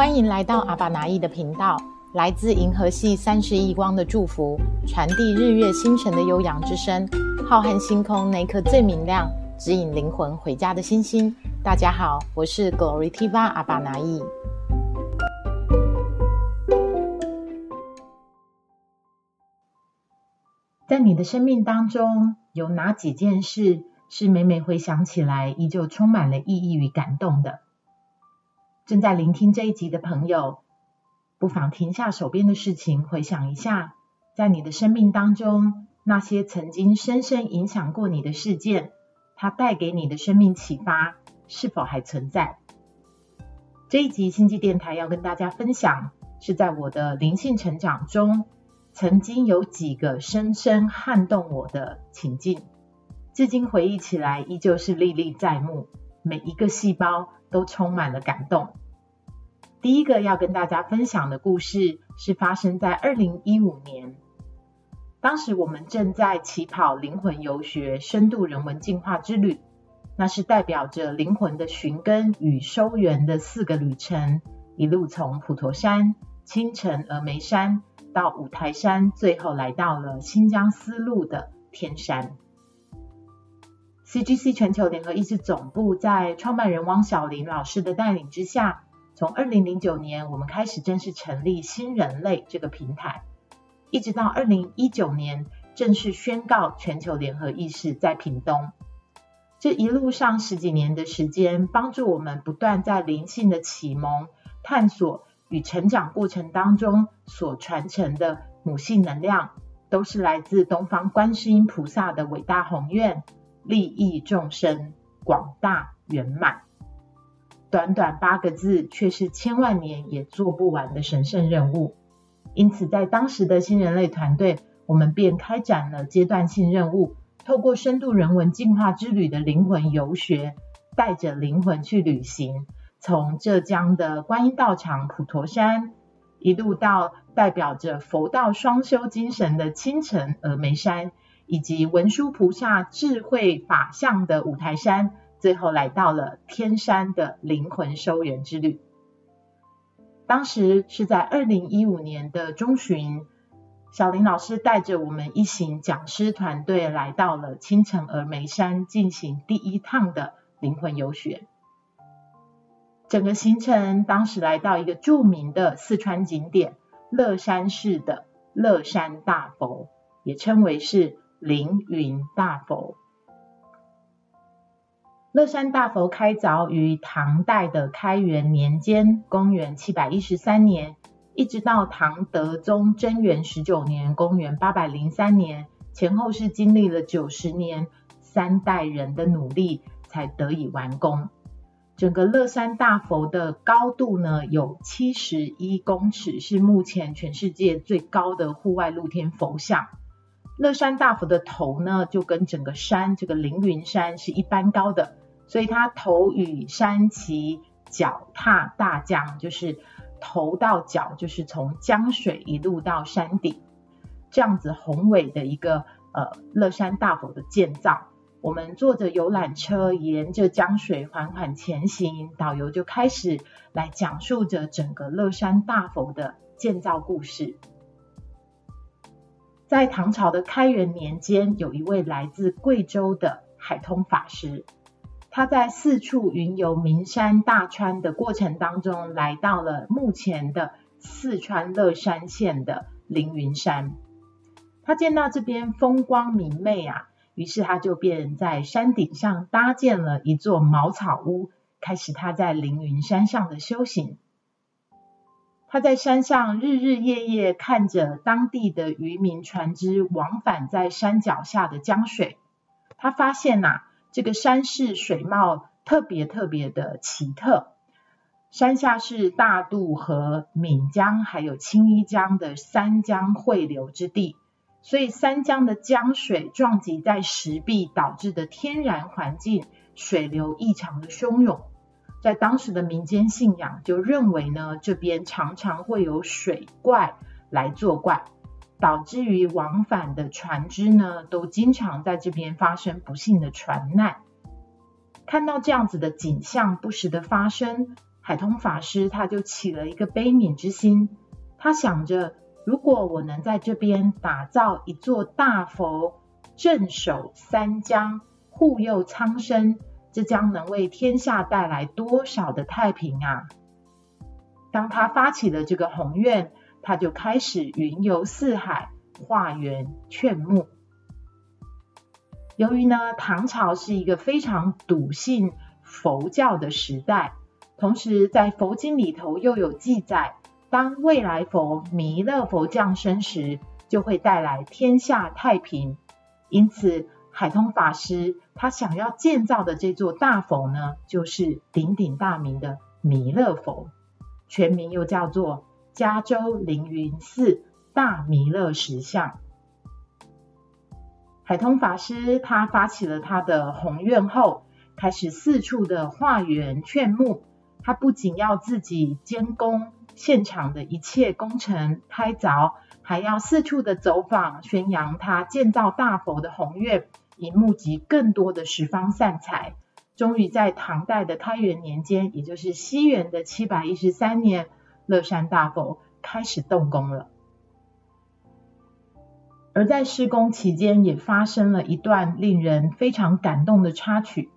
歡迎來到阿巴拿意的頻道，來自銀河系三十億光的祝福，傳遞日月星辰的悠揚之聲。浩瀚星空那顆最明亮，指引靈魂回家的星星。大家好，我是 Glory Tiva 阿巴拿意。在你的生命當中，有哪幾件事，是每每回想起來，依舊充滿了意義與感動的？正在聆聽這一集的朋友，不妨停下手邊的事情，回想一下，在你的生命當中，那些曾經深深影響過你的事件，它帶給你的生命啟發是否還存在？這一集星際電台要跟大家分享，是在我的靈性成長中，曾經有幾個深深撼動我的情境，至今回憶起來依舊是歷歷在目，每一個細胞。都充滿了感動。第一個要跟大家分享的故事是發生在二零一五年，當時我們正在起跑靈魂遊學深度人文進化之旅，那是代表着靈魂的尋根與收源的四個旅程，一路從普陀山、青城峨眉山到五台山，最後來到了新疆絲路的天山。C.G.C 全球聯合意識總部在創辦人汪小林老師的帶領之下，從二零零九年我們開始正式成立新人類這個平台，一直到二零一九年正式宣告全球聯合意識在屏東。這一路上十幾年的時間，幫助我們不斷在靈性的啟蒙、探索與成長過程當中，所傳承的母性能量，都是來自東方觀世音菩薩的偉大宏願。利益眾生，廣大圓滿。短短八個字，卻是千萬年也做不完的神聖任務。因此，在當時的新人類團隊，我們便開展了階段性任務，透過深度人文進化之旅的靈魂遊學，帶着靈魂去旅行，從浙江的觀音道場普陀山，一路到代表着佛道雙修精神的青城峨眉山。以及文殊菩薩智慧法相的五台山，最後來到了天山的靈魂收圓之旅。當時是在二零一五年的中旬，小林老師帶着我們一行講師團隊來到了青城峨眉山，進行第一趟的靈魂遊學。整個行程當時來到一個著名的四川景點——樂山市的樂山大佛，也稱為是，凌雲大佛。樂山大佛開鑿於唐代的開元年間，公元七百一十三年，一直到唐德宗貞元十九年，公元八百零三年，前後是經歷了九十年三代人的努力才得以完工。整個樂山大佛的高度呢，有七十一公尺，是目前全世界最高的戶外露天佛像。樂山大佛的頭呢，就跟整個山，這個凌雲山是一般高的，所以它頭與山齊，腳踏大江，就是頭到腳就是從江水一路到山頂，這樣子宏偉的一個呃樂山大佛的建造。我們坐着遊覽車沿着江水緩緩前行，導遊就開始來講述着整個樂山大佛的建造故事。在唐朝的開元年間，有一位來自貴州的海通法師，他在四處雲遊名山大川的過程當中，來到了目前的四川樂山縣的凌雲山。他見到這邊風光明媚啊，於是他就便在山頂上搭建了一座茅草屋，開始他在凌雲山上的修行。他在山上日日夜夜看着當地的漁民船只往返在山腳下的江水，他發現吶、啊，這個山勢水貌特別特別的奇特。山下是大渡河、岷江還有青衣江的三江匯流之地，所以三江的江水撞擊在石壁，導致的天然環境水流異常的洶湧。在當時的民間信仰就認為呢，這邊常常會有水怪來作怪，導致於往返的船隻呢，都經常在這邊發生不幸的船難。看到這樣子的景象不時的發生，海通法師他就起了一個悲憫之心，他想着，如果我能在這邊打造一座大佛，鎮守三江，護佑蒼生。這將能為天下帶來多少的太平啊！當他發起了這個宏願，他就開始雲遊四海，化緣勸募。由於呢，唐朝是一個非常篤信佛教的時代，同時在佛經裡頭又有記載，當未來佛彌勒佛降生時，就會帶來天下太平，因此。海通法師他想要建造的這座大佛呢，就是鼎鼎大名的彌勒佛，全名又叫做嘉州凌雲寺大彌勒石像。海通法師他發起了他的宏願後，開始四處的化緣勸募。他不僅要自己監工現場的一切工程開鑿，還要四處的走訪宣揚他建造大佛的宏願。以募集更多的十方善財，終於在唐代的開元年間，也就是西元的七百一十三年，樂山大佛開始動工了。而在施工期間，也發生了一段令人非常感動的插曲。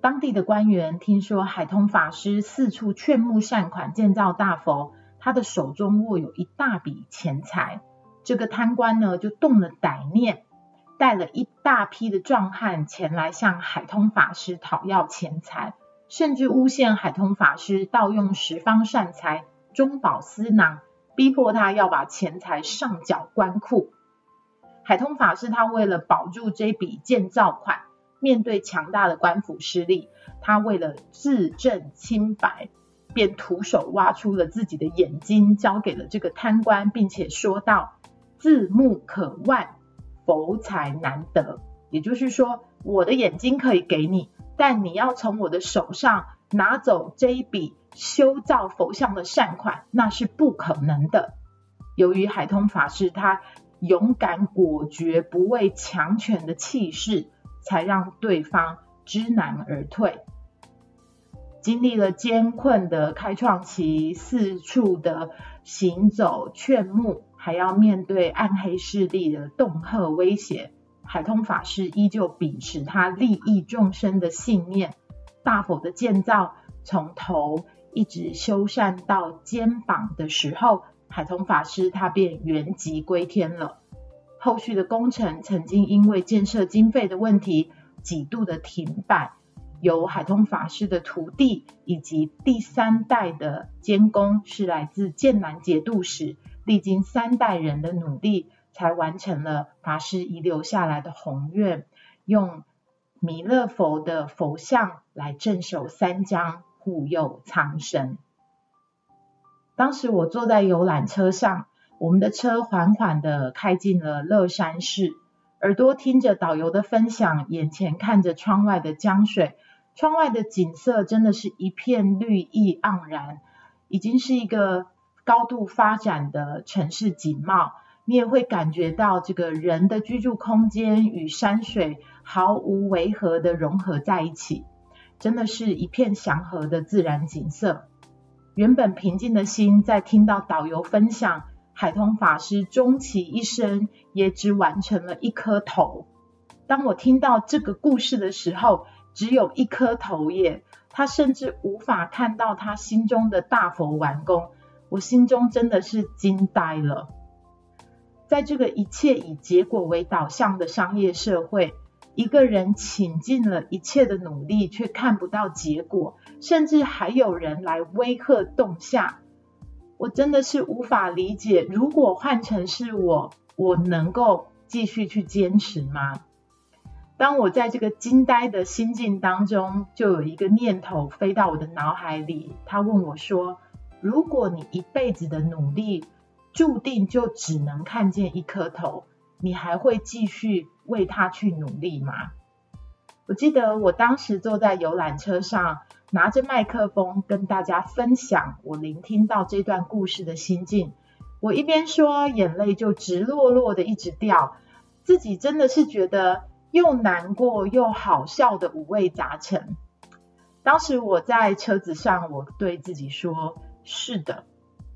當地的官員聽說海通法師四處勸募善款建造大佛，他的手中握有一大筆錢財，這個貪官呢就動了歹念。帶了一大批的壯漢前來向海通法師討要錢財，甚至誣陷海通法師盜用十方善財、中飽私囊，逼迫他要把錢財上繳官庫。海通法師他為了保住這筆建造款，面對強大的官府勢力，他為了自證清白，便徒手挖出了自己的眼睛，交給了這個貪官，並且說道：“自目可剜。”佛財難得，也就是說，我的眼睛可以給你，但你要從我的手上拿走這一筆修造佛像的善款，那是不可能的。由於海通法師他勇敢果決、不畏強權的氣勢，才讓對方知難而退。經歷了艱困的開創期，四處的行走勸募。還要面對暗黑勢力的恫嚇威脅，海通法師依舊秉持他利益眾生的信念。大佛的建造從頭一直修繕到肩膀的時候，海通法師他便圓寂歸天了。後續的工程曾經因為建設經費的問題幾度的停擺，由海通法師的徒弟以及第三代的監工是來自劍南節度使。歷經三代人的努力，才完成了法師遺留下來的宏願，用彌勒佛的佛像來鎮守三江，護佑蒼生。當時我坐在遊覽車上，我們的車緩緩的開進了樂山市，耳朵聽着導遊的分享，眼前看着窗外的江水，窗外的景色真的是一片綠意盎然，已經是一個。高度發展的城市景貌，你也會感覺到這個人的居住空間與山水毫無違和的融合在一起，真的是一片祥和的自然景色。原本平靜的心，在聽到導遊分享海通法師終其一生也只完成了一顆頭。當我聽到這個故事的時候，只有一顆頭耶，他甚至無法看到他心中的大佛完工。我心中真的是驚呆了，在這個一切以結果為導向的商業社會，一個人傾盡了一切的努力，卻看不到結果，甚至還有人來威嚇恫嚇，我真的是無法理解。如果換成是我，我能夠繼續去堅持嗎？當我在這個驚呆的心境當中，就有一個念頭飛到我的腦海裡，他問我說。如果你一輩子的努力，注定就只能看見一顆頭，你還會繼續為他去努力嗎？我記得我當時坐在遊覽車上，拿着麥克風跟大家分享我聆聽到這段故事的心境。我一邊說，眼淚就直落落的一直掉，自己真的是覺得又難過又好笑的五味雜陳。當時我在車子上，我對自己說：是的，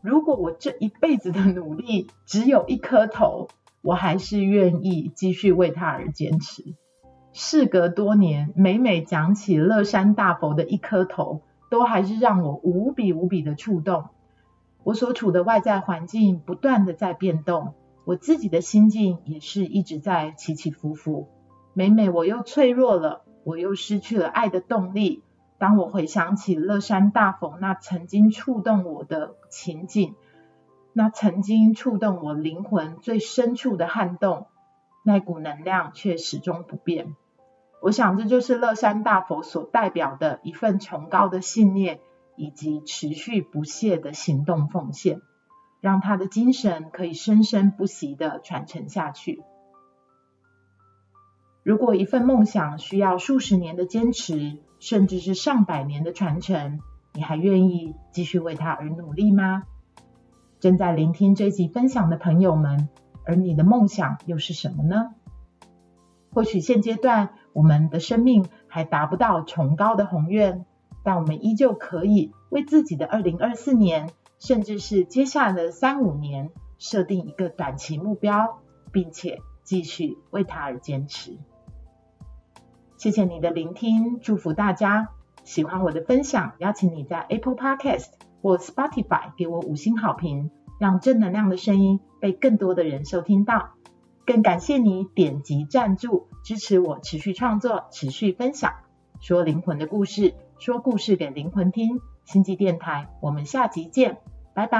如果我這一輩子的努力只有一顆頭，我還是願意繼續為他而堅持。事隔多年，每每講起樂山大佛的一顆頭，都還是讓我無比無比的觸動。我所處的外在環境不斷的在變動，我自己的心境也是一直在起起伏伏。每每我又脆弱了，我又失去了愛的動力。當我回想起樂山大佛那曾經觸動我的情景，那曾經觸動我靈魂最深處的撼動，那股能量卻始終不變。我想，這就是樂山大佛所代表的一份崇高的信念，以及持續不懈的行動奉獻，讓他的精神可以生生不息的傳承下去。如果一份夢想需要數十年的堅持，甚至是上百年的傳承，你還願意繼續為它而努力嗎？正在聆聽這集分享的朋友們，而你的夢想又是什麼呢？或許現階段我們的生命還達不到崇高的宏願，但我們依舊可以為自己的二零二四年，甚至是接下來的三五年，設定一個短期目標，並且繼續為它而堅持。謝謝你的聆聽，祝福大家喜歡我的分享。邀請你在 Apple Podcast 或 Spotify 給我五星好評，讓正能量的聲音被更多的人收聽到。更感謝你點擊贊助，支持我持續創作、持續分享，說靈魂的故事，說故事給靈魂聽。星際電台，我們下集見，拜拜。